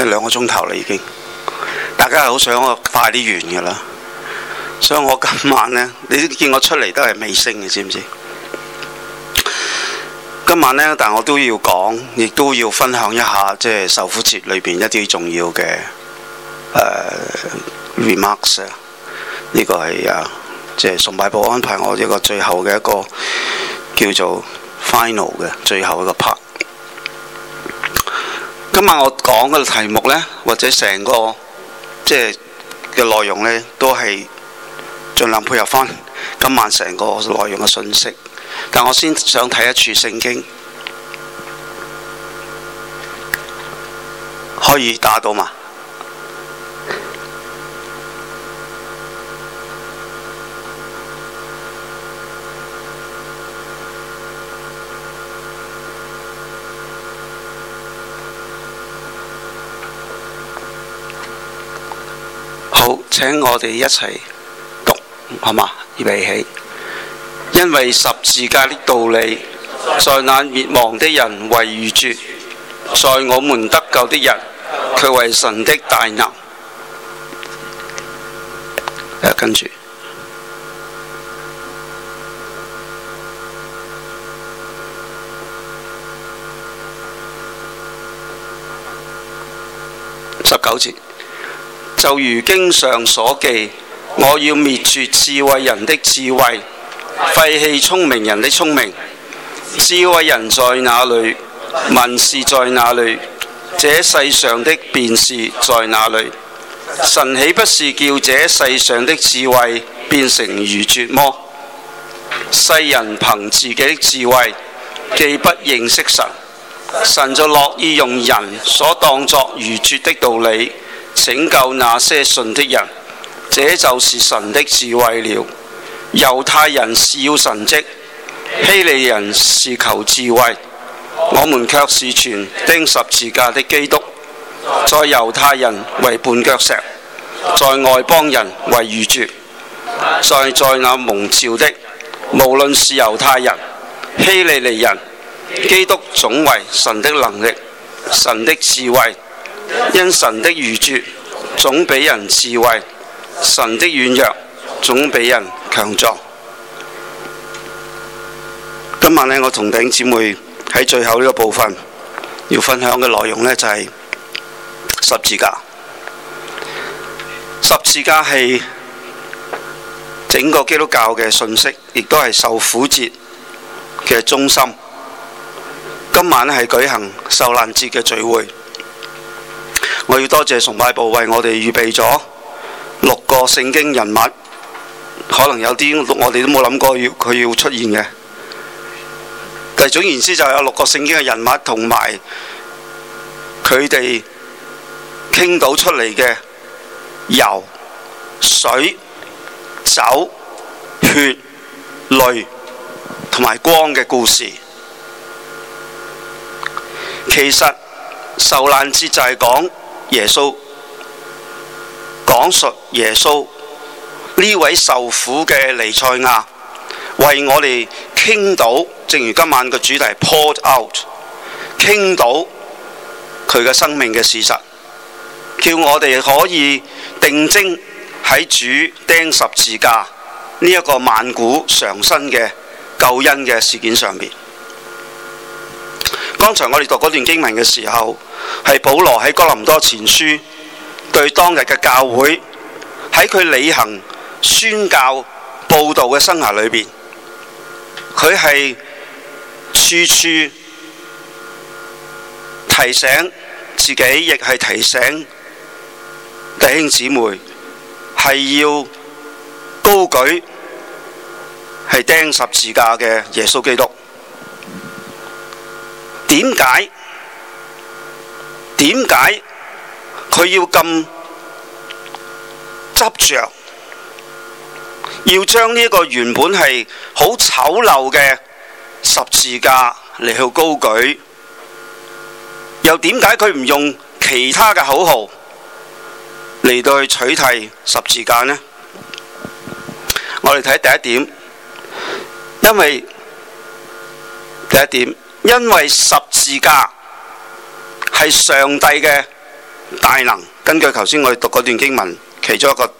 即係兩個鐘頭啦，已經，大家係好想我快啲完噶啦，所以我今晚呢，你見我出嚟都係未升嘅，知唔知？今晚呢，但我都要講，亦都要分享一下即係、就是、受苦節裏邊一啲重要嘅、呃、remarks。呢個係啊，即、這、係、個就是、崇拜部安排我一個最後嘅一個叫做 final 嘅最後一個 part。今晚我講嘅題目呢，或者成個即係嘅內容呢，都係盡量配合翻今晚成個內容嘅信息。但我先想睇一處聖經，可以打到嘛？請我哋一齊讀，好嘛？預備起，因為十字架的道理，在那滅亡的人為愚拙，在我們得救的人卻為神的大能。啊，跟住十九節。就如經上所記，我要滅絕智慧人的智慧，廢棄聰明人的聰明。智慧人在哪裏？文士在哪裏？這世上的辯士在哪裏？神豈不是叫這世上的智慧變成愚拙麼？世人憑自己的智慧，既不認識神，神就樂意用人所當作愚拙的道理。拯救那些信的人，這就是神的智慧了。猶太人是要神蹟，希利人是求智慧，我們卻是傳釘十字架的基督。在猶太人為絆腳石，在外邦人為愚拙，在在那蒙召的，無論是猶太人、希利利人，基督總為神的能力、神的智慧。因神的愚拙總比人智慧，神的軟弱總比人強壯。今晚呢，我同弟兄姐妹喺最後呢個部分要分享嘅內容呢，就係十字架。十字架係整個基督教嘅信息，亦都係受苦節嘅中心。今晚呢係舉行受難節嘅聚會。我要多謝崇拜部為我哋預備咗六個聖經人物，可能有啲我哋都冇諗過要佢要出現嘅。但總言之，就是有六個聖經嘅人物，同埋佢哋傾倒出嚟嘅油、水、酒、血、淚同埋光嘅故事。其實受難節就係講。耶穌講述耶穌呢位受苦嘅彌賽亞，為我哋傾倒，正如今晚個主題 Pour Out，傾倒佢嘅生命嘅事實，叫我哋可以定睛喺主釘十字架呢一個萬古常新嘅救恩嘅事件上面。剛才我哋讀嗰段經文嘅時候，係保羅喺哥林多前書對當日嘅教會喺佢履行宣教、佈道嘅生涯裏面，佢係處處提醒自己，亦係提醒弟兄姊妹，係要高舉係釘十字架嘅耶穌基督。點解，點解佢要咁執著要將呢個原本係好醜陋嘅十字架嚟去高舉？又點解佢唔用其他嘅口號嚟到去取替十字架呢？我哋睇第一點，因為第一點。因為十字架係上帝嘅大能，根據頭先我哋讀嗰段經文，其中一個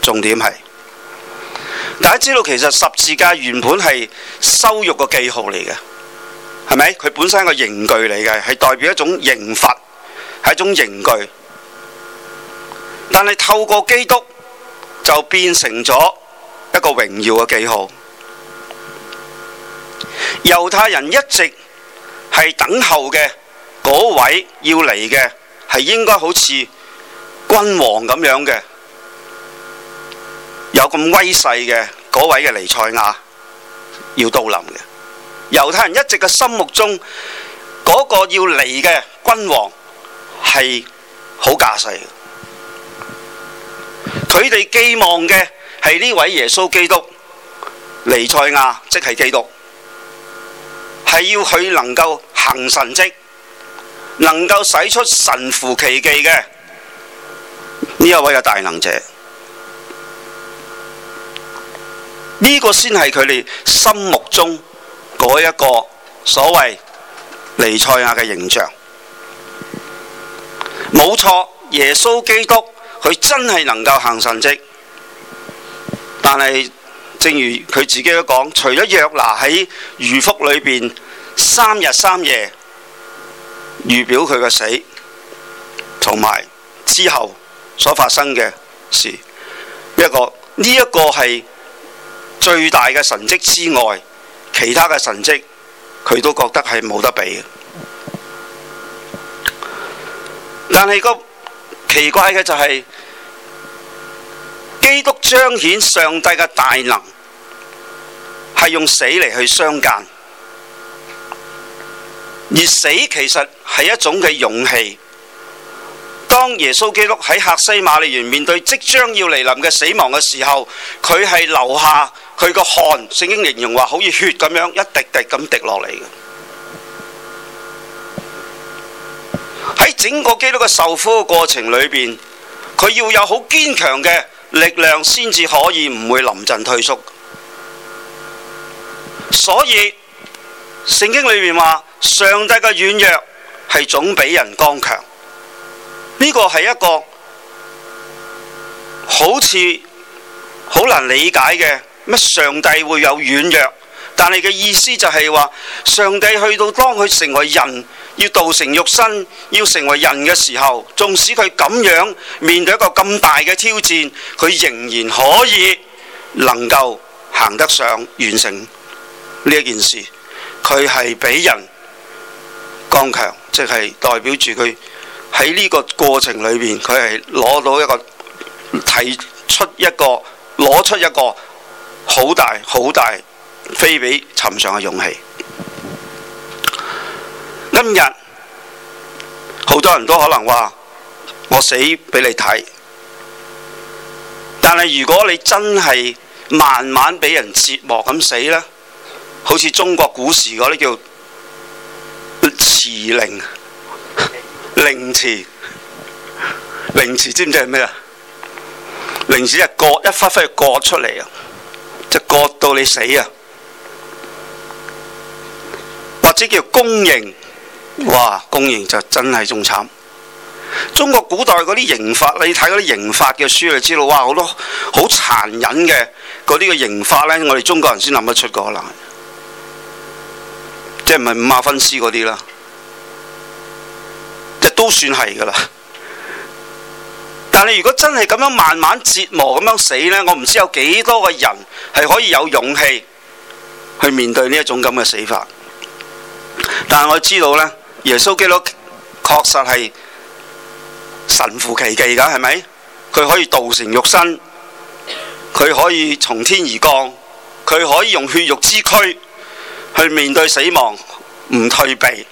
重點係，大家知道其實十字架原本係羞辱嘅記號嚟嘅，係咪？佢本身係一個刑具嚟嘅，係代表一種刑罰，係一種刑具。但係透過基督，就變成咗一個榮耀嘅記號。猶太人一直係等候嘅嗰位要嚟嘅，係應該好似君王咁樣嘅，有咁威勢嘅嗰位嘅尼賽亞要到臨嘅。猶太人一直嘅心目中嗰個要嚟嘅君王係好架勢，佢哋寄望嘅係呢位耶穌基督尼賽亞，即係基督。係要佢能夠行神跡，能夠使出神乎其技嘅呢一位嘅大能者，呢個先係佢哋心目中嗰一個所謂尼賽亞嘅形象。冇錯，耶穌基督佢真係能夠行神跡，但係。正如佢自己都講，除咗約拿喺魚腹裏邊三日三夜預表佢嘅死，同埋之後所發生嘅事，一個呢一個係最大嘅神迹之外，其他嘅神迹佢都覺得係冇得比。但係個奇怪嘅就係基督彰顯上帝嘅大能，係用死嚟去相間，而死其實係一種嘅勇氣。當耶穌基督喺客西馬尼園面對即將要嚟臨嘅死亡嘅時候，佢係流下佢個汗。聖經形容話，好似血咁樣一滴滴咁滴落嚟嘅。喺整個基督嘅受苦嘅過程裏邊，佢要有好堅強嘅力量，先至可以唔會臨陣退縮。所以聖經裏面話，上帝嘅軟弱係總比人剛強。呢個係一個好似好難理解嘅乜？上帝會有軟弱，但係嘅意思就係話，上帝去到當佢成為人，要道成肉身，要成為人嘅時候，縱使佢咁樣面對一個咁大嘅挑戰，佢仍然可以能夠行得上完成。呢一件事，佢係俾人剛強，即係代表住佢喺呢個過程裏邊，佢係攞到一個提出一個攞出一個好大好大非比尋常嘅勇氣。今日好多人都可能話：我死俾你睇。但係如果你真係慢慢俾人折磨咁死呢。好似中國古時嗰啲叫遲凌，凌遲，凌遲，知唔知係咩啊？凌遲係割一忽忽，去割出嚟啊，即係割到你死啊！或者叫公刑，哇，公刑就真係仲慘。中國古代嗰啲刑法，你睇嗰啲刑法嘅書，你就知道哇，好多好殘忍嘅嗰啲嘅刑法咧，我哋中國人先諗得出噶，可能。即係唔係五馬分屍嗰啲啦，即都算係噶啦。但係如果真係咁樣慢慢折磨咁樣死咧，我唔知有幾多個人係可以有勇氣去面對呢一種咁嘅死法。但係我知道咧，耶穌基督確實係神乎其技噶，係咪？佢可以道成肉身，佢可以從天而降，佢可以用血肉之軀。去面對死亡，唔退避。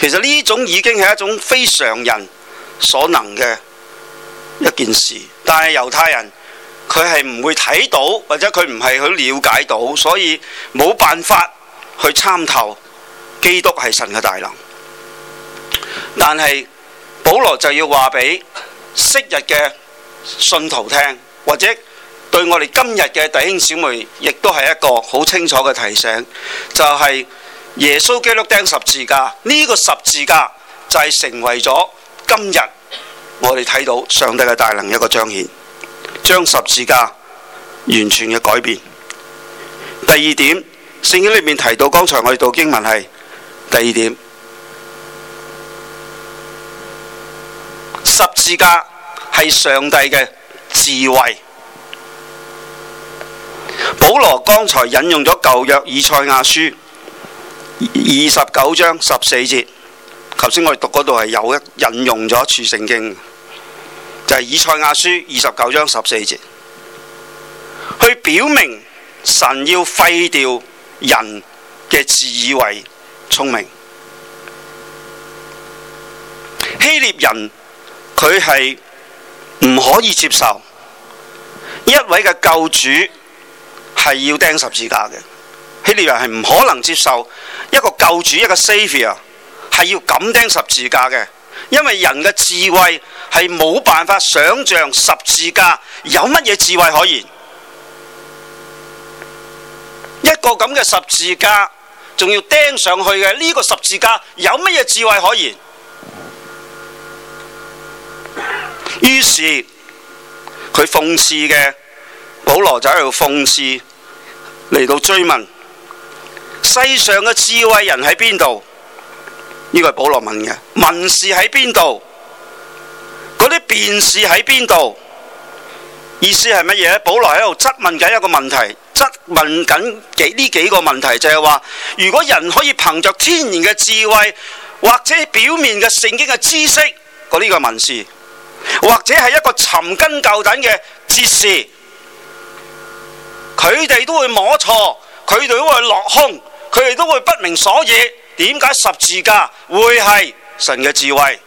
其實呢種已經係一種非常人所能嘅一件事，但係猶太人，佢係唔會睇到，或者佢唔係去了解到，所以冇辦法去參透。基督係神嘅大能。但係保羅就要話畀昔日嘅信徒聽，或者。對我哋今日嘅弟兄姊妹，亦都係一個好清楚嘅提醒，就係、是、耶穌基督釘十字架呢、這個十字架就係成為咗今日我哋睇到上帝嘅大能一個彰顯，將十字架完全嘅改變。第二點，聖經裏面提到，剛才我哋讀經文係第二點，十字架係上帝嘅智慧。保羅剛才引用咗舊約以賽亞書二十九章十四節，頭先我哋讀嗰度係有引用咗一處聖經，就係以賽亞書二十九章十四節，去表明神要廢掉人嘅自以為聰明，希臘人佢係唔可以接受一位嘅救主。係要釘十字架嘅，希臘人係唔可能接受一個救主一個 Savior 係要咁釘十字架嘅，因為人嘅智慧係冇辦法想象十字架有乜嘢智慧可言，一個咁嘅十字架仲要釘上去嘅，呢、這個十字架有乜嘢智慧可言？於是佢諷刺嘅保羅就喺度諷刺。嚟到追問，世上嘅智慧人喺邊度？呢個係保羅問嘅，文士喺邊度？嗰啲辯士喺邊度？意思係乜嘢？保羅喺度質問緊一個問題，質問緊幾呢幾個問題，就係話：如果人可以憑着天然嘅智慧，或者表面嘅聖經嘅知識，嗰呢個文士，或者係一個尋根究底嘅哲士，佢哋都會摸錯，佢哋都會落空，佢哋都會不明所以。點解十字架會係神嘅智慧？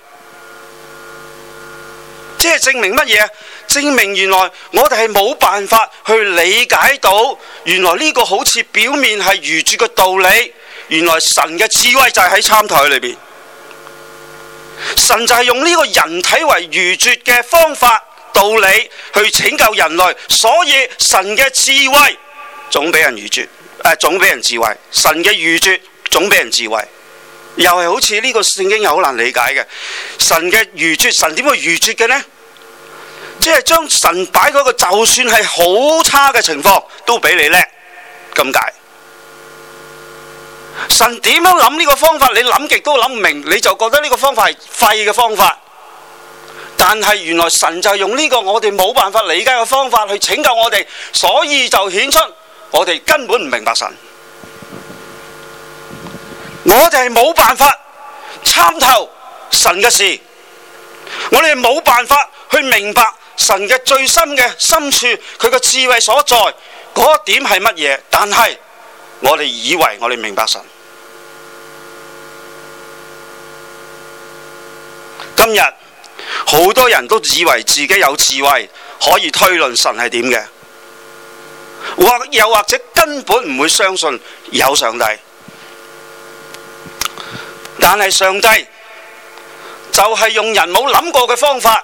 即係證明乜嘢？證明原來我哋係冇辦法去理解到，原來呢個好似表面係愚拙嘅道理，原來神嘅智慧就係喺餐台裏面，神就係用呢個人體為愚拙嘅方法。道理去拯救人類，所以神嘅智慧總比人愚拙，誒、呃，總比人智慧。神嘅愚拙總比人智慧，又係好似呢個聖經又好難理解嘅。神嘅愚拙，神點會愚拙嘅呢？即係將神擺喺個就算係好差嘅情況，都比你叻，咁解。神點樣諗呢個方法？你諗極都諗唔明，你就覺得呢個方法係廢嘅方法。但係原來神就係用呢個我哋冇辦法理解嘅方法去拯救我哋，所以就顯出我哋根本唔明白神。我哋係冇辦法參透神嘅事，我哋係冇辦法去明白神嘅最深嘅深處，佢嘅智慧所在嗰點係乜嘢？但係我哋以為我哋明白神。今日。好多人都以為自己有智慧可以推論神係點嘅，或又或者根本唔會相信有上帝。但係上帝就係、是、用人冇諗過嘅方法，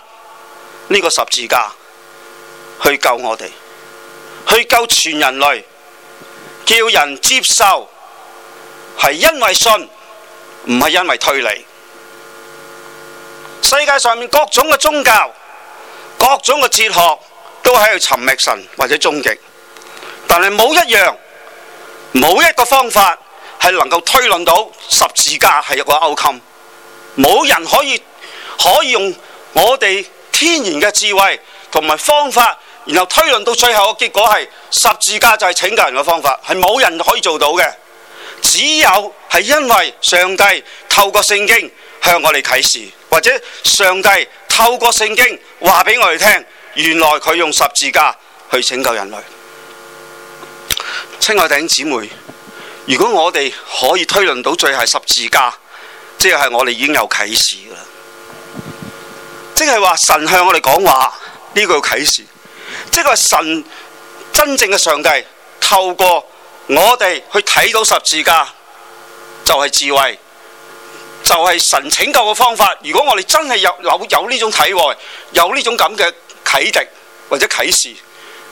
呢、這個十字架去救我哋，去救全人類，叫人接受係因為信，唔係因為推理。世界上面各種嘅宗教，各種嘅哲學都喺度尋覓神或者終極，但係冇一樣，冇一個方法係能夠推論到十字架係一個凹坑。冇人可以可以用我哋天然嘅智慧同埋方法，然後推論到最後嘅結果係十字架就係拯救人嘅方法，係冇人可以做到嘅。只有係因為上帝透過聖經。向我哋啟示，或者上帝透過聖經話俾我哋聽，原來佢用十字架去拯救人類。親愛的弟兄姊妹，如果我哋可以推論到最後十字架，即係我哋已經有啟示噶啦，即係話神向我哋講話呢個啟示，即係神真正嘅上帝透過我哋去睇到十字架，就係智慧。就係神拯救嘅方法。如果我哋真係有有有呢種體外有呢種咁嘅啟迪或者啟示，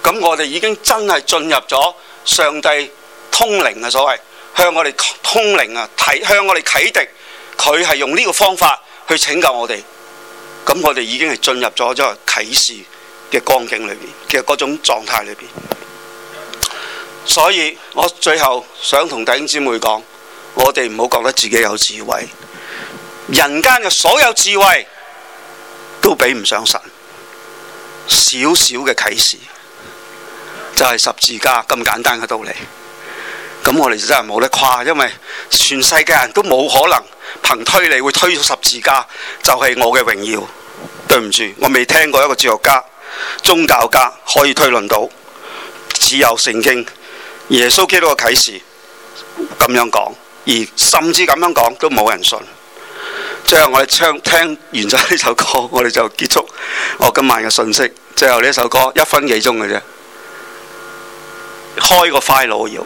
咁我哋已經真係進入咗上帝通靈嘅所謂向我哋通靈啊，提向我哋啟迪。佢係用呢個方法去拯救我哋，咁我哋已經係進入咗即係啟示嘅光景裏面，嘅嗰種狀態裏邊。所以，我最後想同弟兄姊妹講，我哋唔好覺得自己有智慧。人間嘅所有智慧都比唔上神，少少嘅啟示就係十字架咁簡單嘅道理。咁我哋真係冇得誇，因為全世界人都冇可能憑推理會推出十字架，就係我嘅榮耀。對唔住，我未聽過一個哲學家、宗教家可以推論到只有聖經、耶穌基督嘅啟示咁樣講，而甚至咁樣講都冇人信。最後我哋唱，聽完咗呢首歌，我哋就結束我、哦、今晚嘅信息。最後呢首歌一分幾鐘嘅啫，開個快樂搖。